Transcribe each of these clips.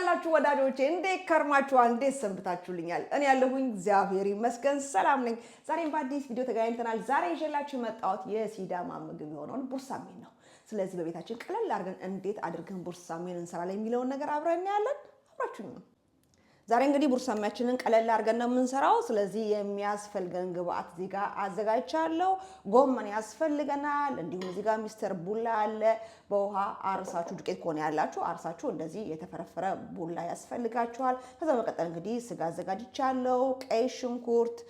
እንደምናላችሁ ወዳጆቼ፣ እንዴት ከርማችኋል? እንዴት ሰንብታችሁልኛል? እኔ ያለሁኝ እግዚአብሔር ይመስገን ሰላም ነኝ። ዛሬም በአዲስ ቪዲዮ ተገናኝተናል። ዛሬ ይዤላችሁ የመጣሁት የሲዳማ ምግብ የሆነውን ቡርሳሜን ነው። ስለዚህ በቤታችን ቀለል አድርገን እንዴት አድርገን ቡርሳሜን እንሰራለን የሚለውን ነገር አብረን እናያለን። አብራችሁኝ ነው ዛሬ እንግዲህ ቡርሰሚያችንን ቀለል አድርገን ነው የምንሰራው። ስለዚህ የሚያስፈልገን ግብአት እዚህ ጋር አዘጋጅቻለሁ። ጎመን ያስፈልገናል። እንዲሁም እዚህ ጋር ሚስተር ቡላ አለ። በውሃ አርሳችሁ ዱቄት ከሆነ ያላችሁ አርሳችሁ እንደዚህ የተፈረፈረ ቡላ ያስፈልጋችኋል። ከዛ በመቀጠል እንግዲህ ስጋ አዘጋጅቻለሁ። ቀይ ሽንኩርት፣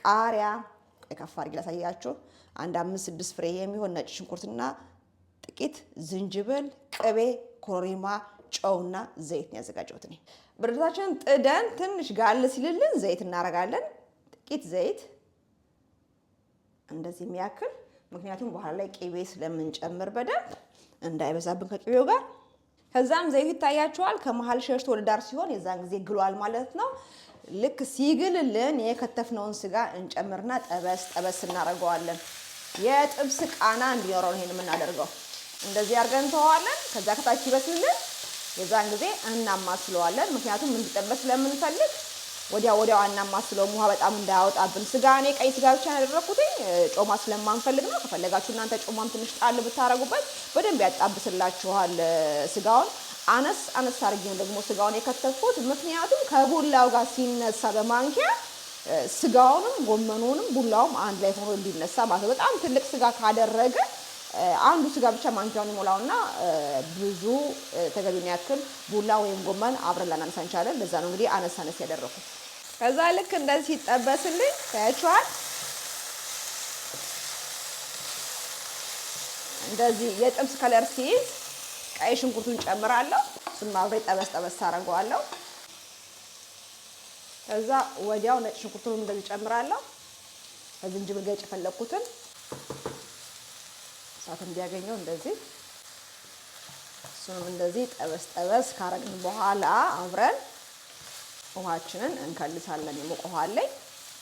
ቃሪያ ቀይ ከፍ አድርጌ ላሳያችሁ። አንድ አምስት ስድስት ፍሬ የሚሆን ነጭ ሽንኩርትና ጥቂት ዝንጅብል፣ ቅቤ፣ ኮሪማ ጨውና ዘይት ነው ያዘጋጀሁት እኔ። ብረታችንን ጥደን ትንሽ ጋል ሲልልን ዘይት እናደርጋለን። ጥቂት ዘይት እንደዚህ የሚያክል ምክንያቱም በኋላ ላይ ቅቤ ስለምንጨምር በደንብ እንዳይበዛብን ከቅቤው ጋር ከዛም ዘይቱ ይታያቸዋል ከመሀል ሸሽቶ ወደ ዳር ሲሆን የዛን ጊዜ ግሏል ማለት ነው። ልክ ሲግልልን የከተፍነውን ስጋ እንጨምርና ጠበስ ጠበስ እናደርገዋለን። የጥብስ ቃና እንዲኖረው ይሄን የምናደርገው እንደዚህ አድርገን እንተዋዋለን። ከዛ ከታች ይበስልልን። የዛን ጊዜ እናማስለዋለን። ምክንያቱም እንዲጠበስ ስለምንፈልግ ወዲያ ወዲያው አናማስለውም፣ ውሃ በጣም እንዳያወጣብን። ስጋ እኔ ቀይ ስጋ ብቻ ያደረኩትኝ ጮማ ስለማንፈልግ ነው። ከፈለጋችሁ እናንተ ጮማም ትንሽ ጣል ብታረጉበት በደንብ ያጣብስላችኋል ስጋውን። አነስ አነስ አድርጌ ደግሞ ስጋውን የከተፍኩት ምክንያቱም ከቡላው ጋር ሲነሳ በማንኪያ ስጋውንም ጎመኑንም ቡላውም አንድ ላይ ሆኖ እንዲነሳ ማለት በጣም ትልቅ ስጋ ካደረገ አንዱ ስጋ ብቻ ማንኪያውን ይሞላው እና ብዙ ተገቢውን ያክል ቡላ ወይም ጎመን አብረን ላናነሳ እንችላለን። ለዛ ነው እንግዲህ አነስ አነስ ያደረኩት። ከዛ ልክ እንደዚህ ሲጠበስልኝ ታያችኋል። እንደዚህ የጥብስ ከለር ሲይዝ ቀይ ሽንኩርቱን ጨምራለሁ። እሱም አብሬ ጠበስ ጠበስ አደርገዋለሁ። ከዛ ወዲያው ነጭ ሽንኩርቱን እንደዚህ ጨምራለሁ። ከዝንጅብል ገጭ የፈለግኩትን እሳት እንዲያገኘው እንደዚህ እሱንም እንደዚህ ጠበስ ጠበስ ካረግን በኋላ አብረን ውሃችንን እንከልሳለን። የሞቀ ውሃ ላይ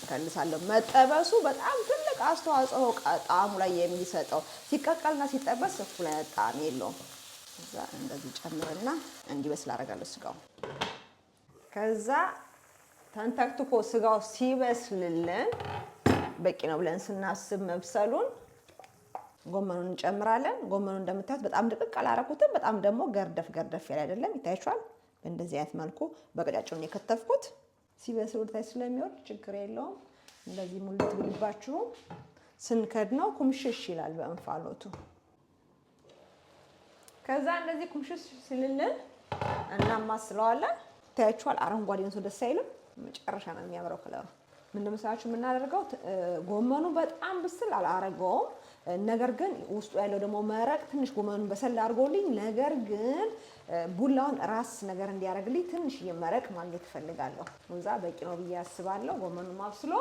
እንከልሳለን። መጠበሱ በጣም ትልቅ አስተዋጽኦ ጣዕሙ ላይ የሚሰጠው ሲቀቀልና ሲጠበስ እኩል አይነት ጣዕም የለውም። እዛ እንደዚህ ጨምርና እንዲበስል አደርጋለሁ ስጋው። ከዛ ተንተክትኮ ስጋው ሲበስልልን በቂ ነው ብለን ስናስብ መብሰሉን ጎመኑን እንጨምራለን። ጎመኑ እንደምታዩት በጣም ድቅቅ አላረኩትም። በጣም ደግሞ ገርደፍ ገርደፍ ያለ አይደለም፣ ይታያችኋል። በእንደዚህ አይነት መልኩ በቀጫጭኑ የከተፍኩት ሲበስል ወደታች ስለሚወርድ ችግር የለውም። እንደዚህ ሙሉት ብልባችሁ ስንከድ ነው ኩምሽሽ ይላል በእንፋሎቱ። ከዛ እንደዚህ ኩምሽሽ ሲልልን እናማስለዋለን። ይታያችኋል፣ አረንጓዴነቱ ደስ አይልም። መጨረሻ ነው የሚያምረው ከለሩ። ምን የምናደርገው ጎመኑ በጣም ብስል አላረገውም ነገር ግን ውስጡ ያለው ደግሞ መረቅ ትንሽ ጎመኑን በሰል አድርጎልኝ፣ ነገር ግን ቡላውን ራስ ነገር እንዲያደርግልኝ ትንሽ መረቅ ማግኘት እፈልጋለሁ። እዛ በቂ ነው ብዬ አስባለሁ። ጎመኑን ማብስሎ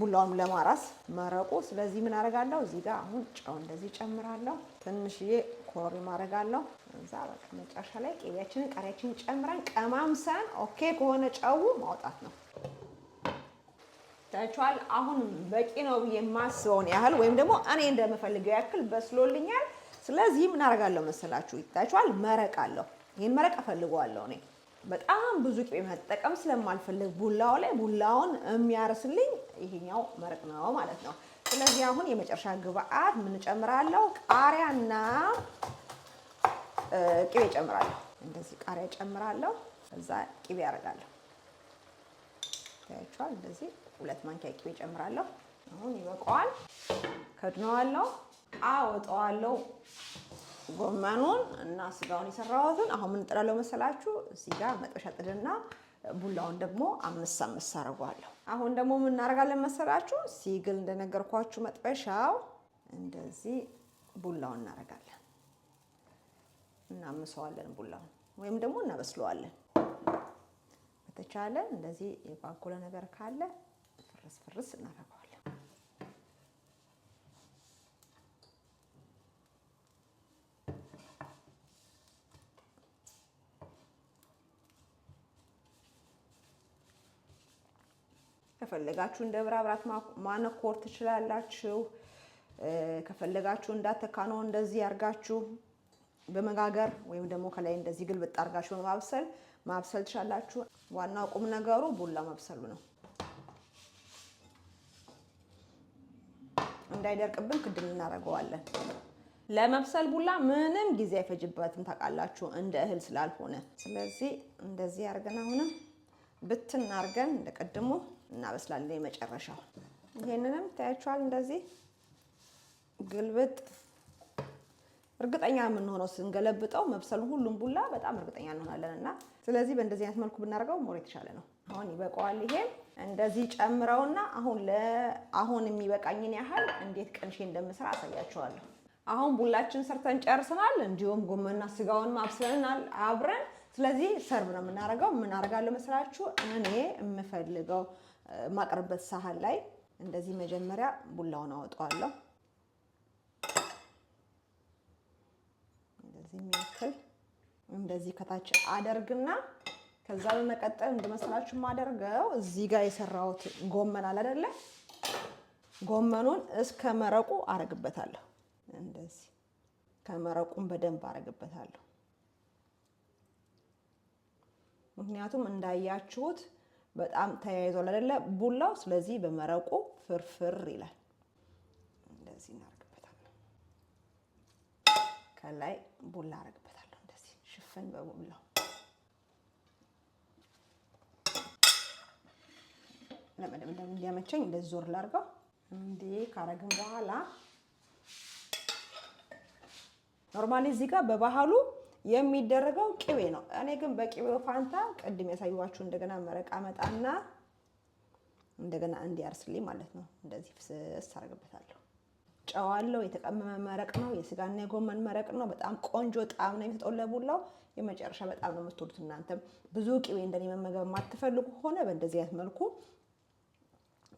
ቡላውን ለማራስ መረቁ። ስለዚህ ምን አደርጋለሁ? እዚህ ጋር አሁን ጨው እንደዚህ ጨምራለሁ። ትንሽዬ ኮሪ ማረጋለሁ። እዛ በቃ መጨረሻ ላይ ቅቤያችንን፣ ቃሪያችንን ጨምረን ቀማምሰን ኦኬ ከሆነ ጨው ማውጣት ነው። ታያችኋል። አሁን በቂ ነው ብዬ የማስበውን ያህል ወይም ደግሞ እኔ እንደምፈልገው ያክል በስሎልኛል። ስለዚህ ምን አደርጋለሁ መሰላችሁ? ይታያችኋል፣ መረቅ አለሁ። ይህን መረቅ እፈልገዋለሁ እኔ በጣም ብዙ ቅቤ መጠቀም ስለማልፈልግ ቡላው ላይ ቡላውን የሚያርስልኝ ይሄኛው መረቅ ነው ማለት ነው። ስለዚህ አሁን የመጨረሻ ግብአት ምን ጨምራለሁ? ቃሪያና ቅቤ ጨምራለሁ። እንደዚህ ቃሪያ ጨምራለሁ፣ እዛ ቅቤ ያደርጋለሁ። ታያችኋል እንደዚህ ሁለት ማንኪያ ቅቤ ጨምራለሁ። አሁን ይበቃዋል። ከድነዋለሁ፣ አወጣዋለሁ። ጎመኑን እና ስጋውን የሰራሁትን አሁን ምን ጥላለሁ መሰላችሁ? እዚህ ጋር መጥበሻ ጥድና ቡላውን ደግሞ አምስት አምስት አድርጓለሁ። አሁን ደግሞ እናደርጋለን መሰላችሁ? ሲግል እንደነገርኳችሁ መጥበሻው እንደዚህ ቡላውን እናደርጋለን፣ እናምሰዋለን። ቡላውን ወይም ደግሞ እናበስለዋለን። በተቻለ እንደዚህ የጓጎለ ነገር ካለ ፍርስ ፍርስ እናደርገዋለን። ከፈለጋችሁ እንደ ብራብራት ማነኮር ትችላላችሁ። ከፈለጋችሁ እንዳተካነው እንደዚህ ያርጋችሁ በመጋገር ወይም ደግሞ ከላይ እንደዚህ ግልብጥ አርጋችሁ በማብሰል ማብሰል ትችላላችሁ። ዋናው ቁም ነገሩ ቡላ ማብሰሉ ነው። እንዳይደርቅብን ክድን እናደርገዋለን። ለመብሰል ቡላ ምንም ጊዜ አይፈጅበትም ታውቃላችሁ፣ እንደ እህል ስላልሆነ። ስለዚህ እንደዚህ አድርገን አሁንም ብትን አድርገን እንደቀድሞ እናበስላለን። የመጨረሻው ይሄንንም ታያችኋል። እንደዚህ ግልብጥ እርግጠኛ የምንሆነው ስንገለብጠው መብሰሉ ሁሉም ቡላ በጣም እርግጠኛ እንሆናለን እና ስለዚህ በእንደዚህ አይነት መልኩ ብናደርገው ሞር የተሻለ ነው። አሁን ይበቀዋል ይሄም እንደዚህ ጨምረውና አሁን አሁን የሚበቃኝን ያህል እንዴት ቀንሼ እንደምሰራ አሳያቸዋለሁ። አሁን ቡላችን ሰርተን ጨርሰናል። እንዲሁም ጎመንና ስጋውን ማብስለናል አብረን። ስለዚህ ሰርብ ነው የምናደርገው። የምናደርጋለሁ መስላችሁ እኔ የምፈልገው ማቅረበት ሳህን ላይ እንደዚህ መጀመሪያ ቡላውን አወጣዋለሁ። እንደዚህ የሚያክል እንደዚህ ከታች አደርግና ከዛ በመቀጠል እንደመሰላችሁ ማደርገው እዚህ ጋር የሰራሁት ጎመን አለ አይደለ? ጎመኑን እስከ መረቁ አረግበታለሁ። እንደዚህ ከመረቁን በደንብ አረግበታለሁ። ምክንያቱም እንዳያችሁት በጣም ተያይዟል አይደለ? ቡላው። ስለዚህ በመረቁ ፍርፍር ይላል። እንደዚህ እናደርግበታለን። ከላይ ቡላ አረግበታለሁ። እንደዚህ ሽፍን በቡላው ለመደምደም እንዲያመቸኝ እንደዚህ ዞር ላድርገው። እንዴ ካረግን በኋላ ኖርማሊ እዚህ ጋር በባህሉ የሚደረገው ቅቤ ነው። እኔ ግን በቅቤው ፋንታ ቅድም ያሳየኋችሁ እንደገና መረቃ መጣና እንደገና እንዲያርስልኝ ማለት ነው። እንደዚህ ፍስስ አደርግበታለሁ። ጨዋለው የተቀመመ መረቅ ነው፣ የስጋና የጎመን መረቅ ነው። በጣም ቆንጆ ጣዕም ነው የሚሰጠው ለቡላው። የመጨረሻ በጣም ነው የምትወዱት እናንተም። ብዙ ቅቤ እንደኔ መመገብ የማትፈልጉ ከሆነ በእንደዚህ አይነት መልኩ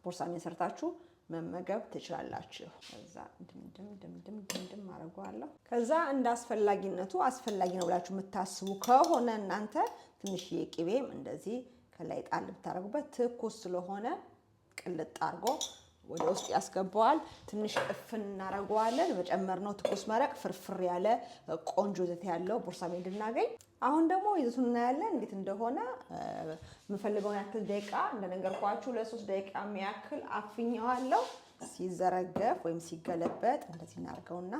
ቦርሳሜን ሰርታችሁ መመገብ ትችላላችሁ። ከዛ ድምድም ድምድም ድምድም አድርገዋለሁ። ከዛ እንደ አስፈላጊነቱ አስፈላጊ ነው ብላችሁ የምታስቡ ከሆነ እናንተ ትንሽ የቅቤም እንደዚህ ከላይ ጣል ብታደርጉበት ትኩስ ስለሆነ ቅልጥ አድርጎ ወደ ውስጥ ያስገባዋል። ትንሽ እፍን እናደርገዋለን። ነው ትኩስ መረቅ ፍርፍር ያለ ቆንጆ ዘት ያለው ቦርሳሜ እንድናገኝ አሁን ደግሞ ይዘቱን እናያለን እንዴት እንደሆነ። የምፈልገውን ያክል ደቂቃ እንደነገርኳችሁ ለሶስት ደቂቃ የሚያክል አፍኘዋለሁ። ሲዘረገፍ ወይም ሲገለበጥ እንደዚህ እናርገውና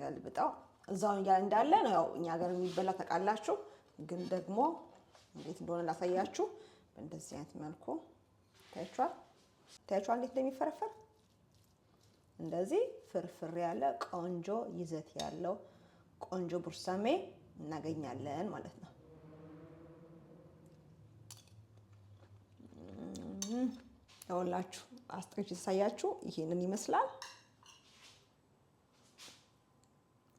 ገልብጠው እዛውን እያለ እንዳለ ነው። ያው እኛ ሀገር የሚበላ ታውቃላችሁ፣ ግን ደግሞ እንዴት እንደሆነ ላሳያችሁ። በእንደዚህ አይነት መልኩ ታያችኋል። ታያችኋል እንዴት እንደሚፈረፈር እንደዚህ ፍርፍር ያለ ቆንጆ ይዘት ያለው ቆንጆ ቡርሳሜ እናገኛለን ማለት ነው። ያወላችሁ አስጠጅ ሳያችሁ ይሄንን ይመስላል።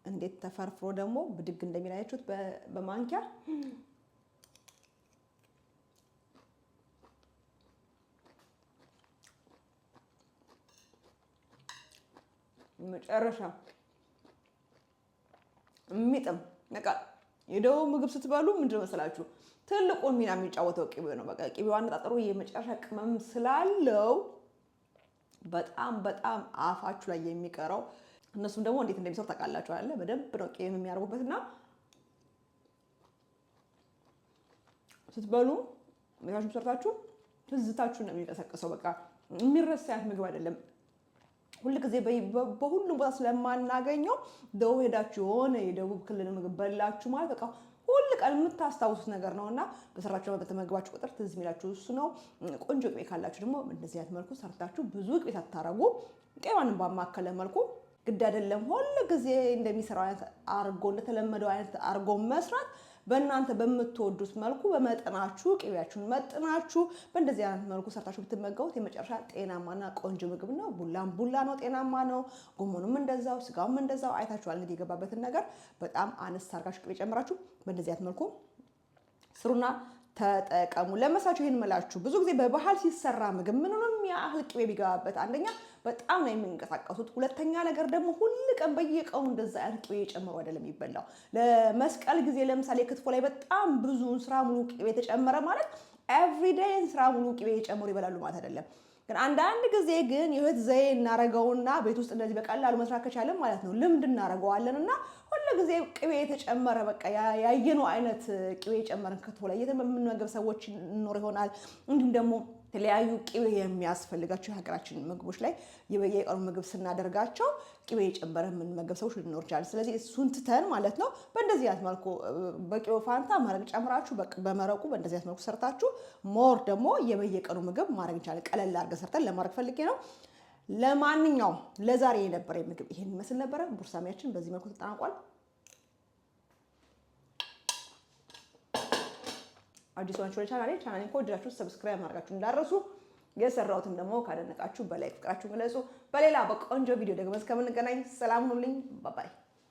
እንዴት ተፈርፍሮ ደግሞ ብድግ እንደሚላያችሁት በማንኪያ መጨረሻ የሚጥም ነቃል። የደቡብ ምግብ ስትበሉ ምንድን መሰላችሁ ትልቁን ሚና የሚጫወተው ቅቤ ነው። በቃ ቅቤው አነጣጠሩ የመጨረሻ ቅመም ስላለው በጣም በጣም አፋችሁ ላይ የሚቀረው እነሱም ደግሞ እንዴት እንደሚሰሩ ታውቃላችሁ አለ በደንብ ነው ቅቤም የሚያርጉበትና ስትበሉ ቤታችሁ ሰርታችሁ ትዝታችሁ ነው የሚቀሰቅሰው። በቃ የሚረሳያት ምግብ አይደለም። ሁልጊዜ በሁሉም ቦታ ስለማናገኘው ደው ሄዳችሁ የሆነ የደቡብ ክልል ምግብ በላችሁ ማለት በቃ ሁል ቀን የምታስታውሱት ነገር ነው እና በሰራችሁ በተመግባችሁ ቁጥር ትዝ የሚላችሁ እሱ ነው። ቆንጆ ቅቤ ካላችሁ ደግሞ እንደዚህ አይነት መልኩ ሰርታችሁ ብዙ ቅቤ ሳታረጉ ቄማንም ባማከለ መልኩ ግድ አይደለም ሁል ጊዜ እንደሚሰራው አይነት አርጎ እንደተለመደው አይነት አርጎ መስራት በእናንተ በምትወዱት መልኩ በመጠናችሁ ቅቤያችሁን መጥናችሁ በእንደዚህ አይነት መልኩ ሰርታችሁ ብትመገቡት የመጨረሻ ጤናማና ቆንጆ ምግብ ነው። ቡላም ቡላ ነው፣ ጤናማ ነው። ጎመኑም እንደዛው፣ ስጋውም እንደዛው። አይታችኋል እንግዲህ የገባበትን ነገር በጣም አነስ አርጋችሁ ቅቤ ጨምራችሁ በእንደዚህ አይነት መልኩ ስሩና ተጠቀሙ። ለመሳችሁ ይህን ምላችሁ ብዙ ጊዜ በባህል ሲሰራ ምግብ ምንንም ያህል ቅቤ ቢገባበት አንደኛ በጣም ነው የሚንቀሳቀሱት። ሁለተኛ ነገር ደግሞ ሁል ቀን በየቀኑ እንደዛ ያህል ቅቤ የጨመሩ አይደለም የሚበላው። ለመስቀል ጊዜ ለምሳሌ ክትፎ ላይ በጣም ብዙ ስራ ሙሉ ቅቤ የተጨመረ ማለት ኤቭሪዴይ ስራ ሙሉ ቅቤ የጨመሩ ይበላሉ ማለት አይደለም። ግን አንዳንድ ጊዜ ግን የህይወት ዘዬ እናረገውና ቤት ውስጥ እንደዚህ በቀላሉ መስራት ከቻለን ማለት ነው ልምድ እናረገዋለን እና ሁሉ ጊዜ ቅቤ የተጨመረ በቃ ያየነው አይነት ቅቤ የጨመረን ክትፎ ላይ እየተመመገብ ሰዎች እንኖር ይሆናል እንዲሁም ደግሞ የተለያዩ ቅቤ የሚያስፈልጋቸው የሀገራችን ምግቦች ላይ የበየቀኑ ምግብ ስናደርጋቸው ቅቤ የጨመረ የምንመገብ ሰዎች ልንኖር ይችላል። ስለዚህ እሱን ትተን ማለት ነው በእንደዚህ አይነት መልኩ በቅቤው ፋንታ መረቅ ጨምራችሁ በመረቁ በእንደዚህ አይነት መልኩ ሰርታችሁ ሞር ደግሞ የበየቀኑ ምግብ ማድረግ እንችላለን። ቀለል አድርገን ሰርተን ለማድረግ ፈልጌ ነው። ለማንኛውም ለዛሬ የነበረ ምግብ ይሄን ይመስል ነበረ። ቡርሳሚያችን በዚህ መልኩ ተጠናቋል። አዲስ ሆናችሁ ለቻናሌ ቻናሌን ከወደዳችሁ ሰብስክራይብ ማድረጋችሁ እንዳረሱ የሰራሁትም ደግሞ ካደነቃችሁ በላይ ፍቅራችሁን ግለጹ። በሌላ በቆንጆ ቪዲዮ ደግሞ እስከምንገናኝ ሰላም ሁኑልኝ። ባባይ